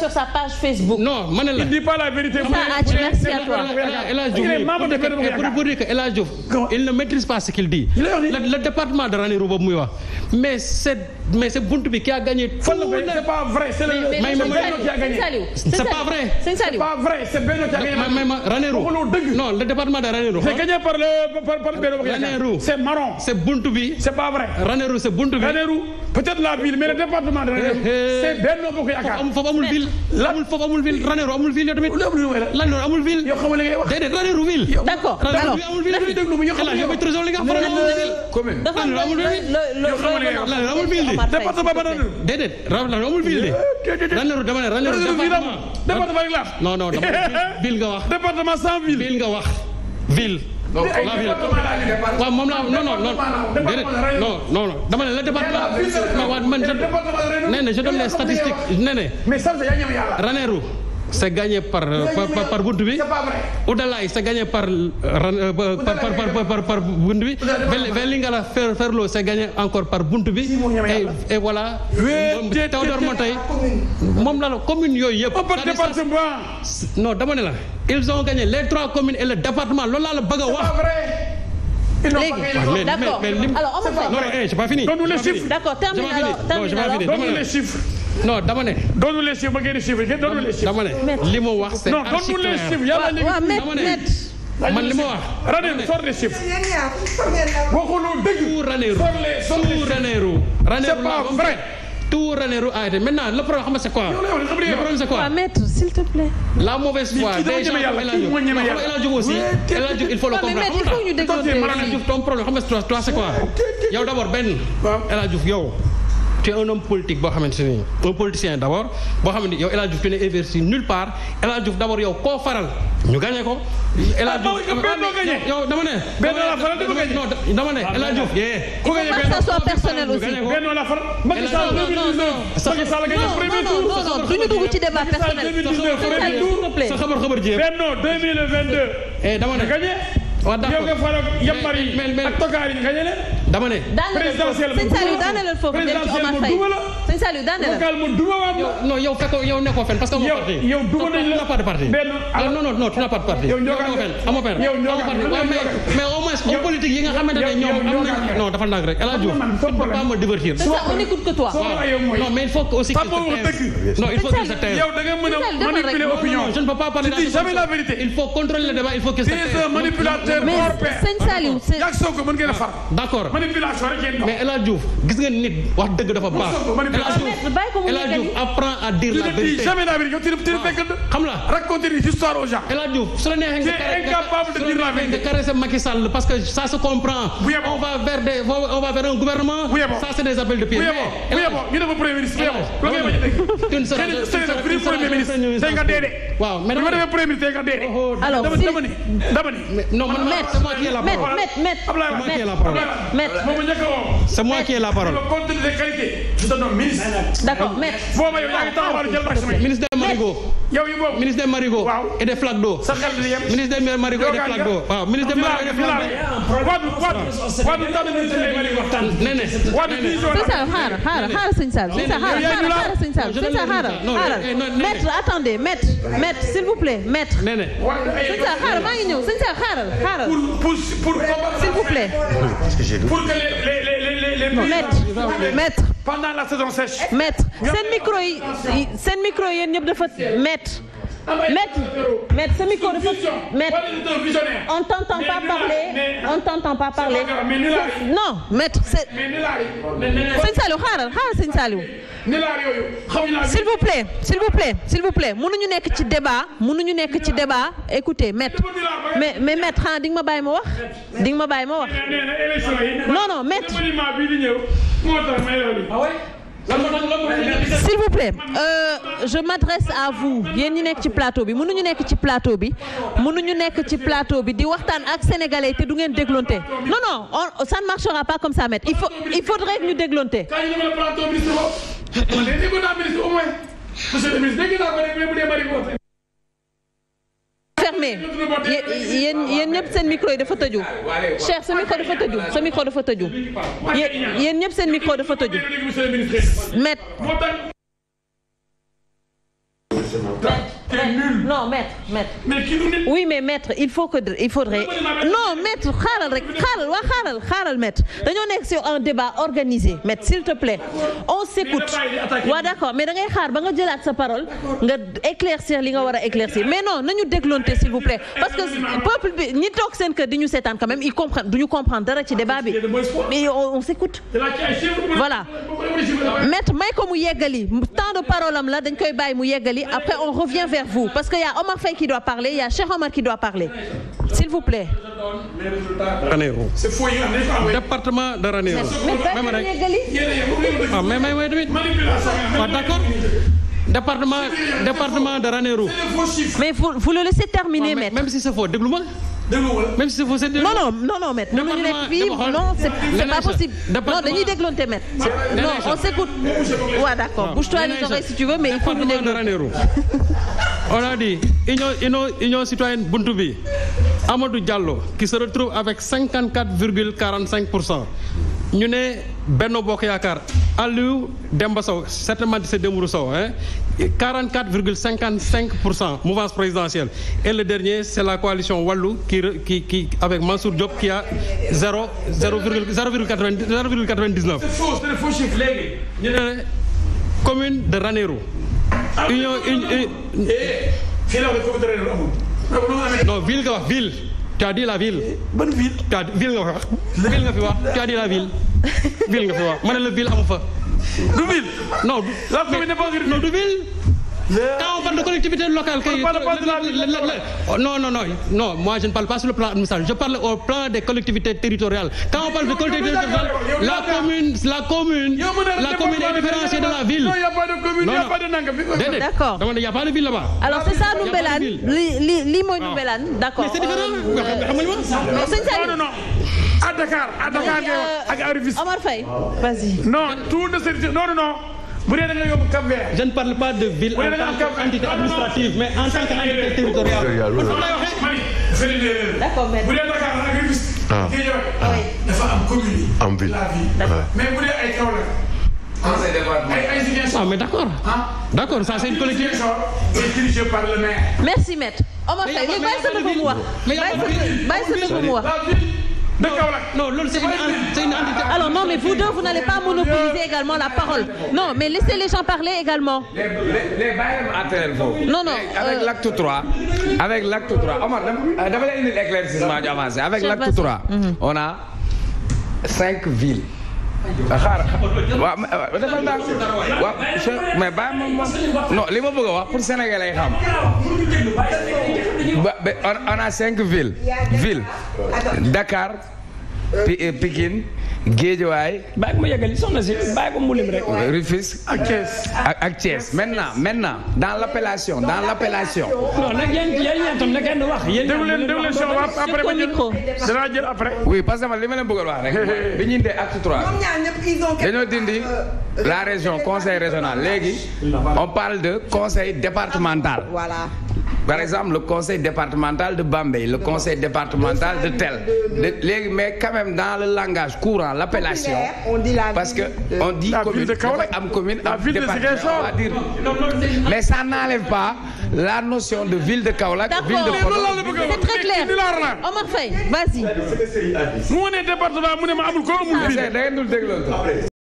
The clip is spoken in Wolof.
sur sa page Facebook. non man la il dit pas la vérité. merci à toi. El Hadj Diouf pour dire que El Hadj Diouf il ne maîtrise pas ce qu'il dit. le le département de Ranérou boobu muy wax mais c'est mais c'est Buntu bi qui a gagné. tout le c'est pas vrai c'est le c'est pas vrai. c'est pas vrai c'est Benno qui a gagné. mais mais Ranérou non le département de Ranérou. c'est gagné par le par par Benno. Ranérou c'est marron. c'est Buntu bi. c'est pas vrai. Ranérou c'est Buntu bi. Ranérou peut-être la ville mais le département de Ranérou eh, eh. c'est Benno Bokk Yaakaar. ville lan foofu amul ville Ranérou amul ville yow tamit lan amul ville yow xamul li ngay wax déedéet Ranérou ville d'accord alors amul ville yow déglu ma yow xamul yow trésor li nga xam ne amul ville amul ville département ba Ranérou déedéet Ranérou amul ville de Ranérou dama ne Ranérou département département rek la non non dama ville nga wax département sans ville ville nga wax ville non la ville waaw moom laa non non non déedéet non non non dama ne le département waaw man je nee na je donne les statistiques nee na Ranérou c'est gagné par par par bunt bi. Oudalaye c'est gagné par euh, euh, par par par par bunt bi. c'est gagné encore par bunt bi. et voilà. Théodore Monteil moom la la commune yooyu yëpp. non dama la. ils ont gagné les trois et le département loolu laa la bëgg a wax. léegi d'accord alors on va. non dama ne. doonu les chiffres ba ngeen di chiffres ngeen doonu les chiffres. dama ne li ma wax c'est archi clair dama ne. man li ma wax. Ranérou sort les chiffres. waxulul dëgg. tout Ranérou tout Ranérou. Ranérou la ba vrai. tout Ranérou a été maintenant le problème xam nga c'est quoi. le problème c'est quoi. waaw maître s'il te plaît. la mauvaise foi des gens comme El Hadj El Hadj aussi El Hadj il faut le comprendre. ton problème xam nga toi c'est quoi. yow d'abord benn El Hadj yow. tu es un politique boo xamante ni un politicien d' abord boo xam ne yow El tu n'es investi nulle part El Hadj yow koo faral ñu gagné ko. El Hadj Diouf ah, la faral di ko gagné non dama ne El Hadj Diouf. Ah, ku gagné benn que ça soit personnel aussi. benn la faral Macky Sall 2019. Macky Sall gagné premier tour. non non ci débat personnel. sa xabar xabar jéem benn 2022. dama ne gagné. waaw d' yow nga faral yambar yi ak dama ne. présidentiel ma duma la sëñ Saliou daane la local ma duma waat la. non yow fekkoo yow nekkoo fenn parce que. yow yow duma nañ la pas de parti. benn non non non tu n'as pas de parti. yow ñoo kan amoo fenn yow ñoo kan mais au moins homme politique yi nga xamante ne ñoom am nañ. non dafa ndànk rek El Hadj Diouf pas me divertir. c'est ça on n'écoute que toi. non mais il faut aussi que non il faut que se taise yow da nga mën a manipuler opinion. je ne peux pas parler jamais la vérité. il faut contrôler le débat il faut que se taise. manipulateur hors pair. sëñ Saliou. yaa ngi soog a mën ngeen a far. d'accord manipulation mais El gis nga nit wax dëgg dafa baax. El Hadj Diouf à dire la vérité. jamais la vérité yow xam la raconter des histoires aux gens. El Hadj Diouf su la neexee nga caresser parce que ça se comprend. on va vers on va vers un gouvernement. ça c'est des appels de pied. bu yeboo ñu ne premier ministre bu waaw mais dama defee premier ministre nga dee. alors si dama ne dama ne. non man maître maître maître maître moom njëkk a woo. c'est moi qui ai la parole. compte de qualité. je te nomme ministre. d'accord maître. boo ma yow yaa ngi taxawal jël vaccin yi. ministre des marigots. yow yi boobu ministre des marigots. waaw et des flaques d'eau. sa xel di yem. ministre des marigots et des flaques d'eau. waaw ministre des marigots et des flaques d'eau. waatu waatu waatu tànn ministre des marigots tànn. nee na waatu ministre. c'est ça xaaral xaaral xaaral sëñ Sall. c'est ça xaaral xaaral sëñ Sall. c'est ça xaaral xaaral. maître attendez maître maître s'il vous plaît maître. nee na sëñ Sarr xaaral maa ngi ñëw sëñ pour pour s'il vous plaît. pour que les les les les. maître pendant la saison sèche. maître seen micro yi seen micro yéen ñëpp dafa maître. Maître, maître, ce micro de maître, on t'entend pas parler, on t'entend pas parler. Non, maître, c'est. Sëñ Saliou xaaral xaaral sëñ Saliou. S'il vous plaît, s'il vous plaît, s'il vous plaît, mënuñu nekk ci débat mënuñu nekk ci débat écoutez maître mais mais maître xanaa ah, di nga ma bàyyi ma wax di ma bàyyi ma wax non non maître. s'il vous plaît euh, je m'adresse à vous yéen ñi nekk ci plateau bi mënuñu nekk ci plateau bi mënuñu nekk ci plateau bi di waxtaan ak sénégalais te du ngeen déglonte non non on, ça ne marchera pas comme ça maître il faut il faudrait que ñu déglonte plateau mais yéen yéen ñëpp seen micro yi dafa tëju Cheikh sa micro dafa tëju sa micro dafa tëju yéen ñëpp seen micro dafa tëju maître t'es nul. non maître maître. mais oui mais maître il faut que il faudrait non maître xaaral rek xaaral waa xaaral xaaral maître dañoo nekk sur un débat organisé maître s'il te plaît on s'écoute waaw d'accord mais da ngay xaar ba nga jëlaat sa parole nga éclaircir li nga war a éclaircir mais non nañu dégloonte s'il vous plaît parce que peuple bi ñi toog seen kër di ñu seetaan quand même ils comprennent du ñu comprendre dara ci débat bi mais on s'écoute voilà maître may ko mu yeggali temps de parole am la dañ koy bàyyi mu yeggali après on revient vers vous parce que y a Omar Faye qui doit parler y a Cheikh Omar qui doit parler s'il vous plaît. Ranérou. département mais may may tamit ah d'accord département de Ranérou. Ah, mais vous le laissez terminer maître. même si c'est faux déglu même si vous êtes non non non non maître non c'est pas possible non dañuy dégloonte maître non on s'écoute waaw d'accord bouge-toi les oreilles si mais il faut ñu déglu on a dit union union union citoyenne buntu bi Amadou Diallo qui se retrouve avec 54,45 pour cent ñu ne Benno Bokk Yaakaar Aliou Demba Sow certainement c'est Dembourou Sow hein 44 virgule 55 pour cent mouvance présidentielle et le dernier c'est la coalition Wallu qui qui qui avec Mansour Diop qui a 0 0 virgule 0 virgule 90 0 virgule 99. c'est commune de Ranérou. union ville nga ville. t'as dit la ville. Eh, ban ville. t'as ville nga wax. ville nga fi wax t'as dit la ville. ville nga fi wax ma ne la ville amu fa. du ville. non du. la commune n'est pas non du quand a parle de collectivité locale. kay non non non non le plan de collectivité territoriale la commune la commune la commune est de la ville. non d'accord dama a pas de ville là-bas. alors c'est ça Ndoumbélane li li lii mooy Ndoumbélane d'accord. mais c'est différent euh, à Dakar Dakar ak Rufisque. Euh, Omar y non tout de suite non non bu dee da nga yóbbu Cap Vert. je ne parle pas de ville en tant qu'entité administrative mais en tant qu'entité territoriale. d'accord mais bu dee Dakar nag nga gis. dafa am commune. am ville mais bu dee ay kaw la. conseil départemental ah mais d'accord. Ah. d'accord ça c'est une collectivité. c'est dirigé par le maire. merci maître. Omar Faye léegi bàyyi sa dëkk mu wax. bàyyi sa dëkk mu wax. de Kaolack. non mais vous n'allez pas monopoliser également la parole non mais laissez les gens parler également. les les les bàyyi non non avec euh, l'acte 3 avec l'acte 3 Omar dafa euh, lay indil éclaircissement l'acte 3 mhm. on a cinq villes. xaaral waaw dafa daal waaw mais bàyyi euh, ma non li ma on a cinq villes. ville Dakar. Eh, Pikine. Guédiawaye. bàyyi ko ma yeggali soxna si bàyyi ko mu lim rek. Euh, Rufisque ak Thiès. ak Thiès maintenant maintenant dans l'appellation dans l'appellation. non nag yéen yéen itam nag wax. yéen itam déglu leen après ba ñu parce que man li ma leen bëggoon wax rek. bi ñuy indee trois euh, la région conseil régional léegi on parle de conseil départemental. par exemple le conseil départemental de Bambey le conseil départemental de tel de mais quand même dans le langage courant l'appellation parce que on dit commune dafay am commune mais ça n'enlève pas la notion de ville de Kaolack ville de Podor c'est très clair Omar Faye vas-y mu ne département mu ne ma amul ko amul ville da ngeen dul déglu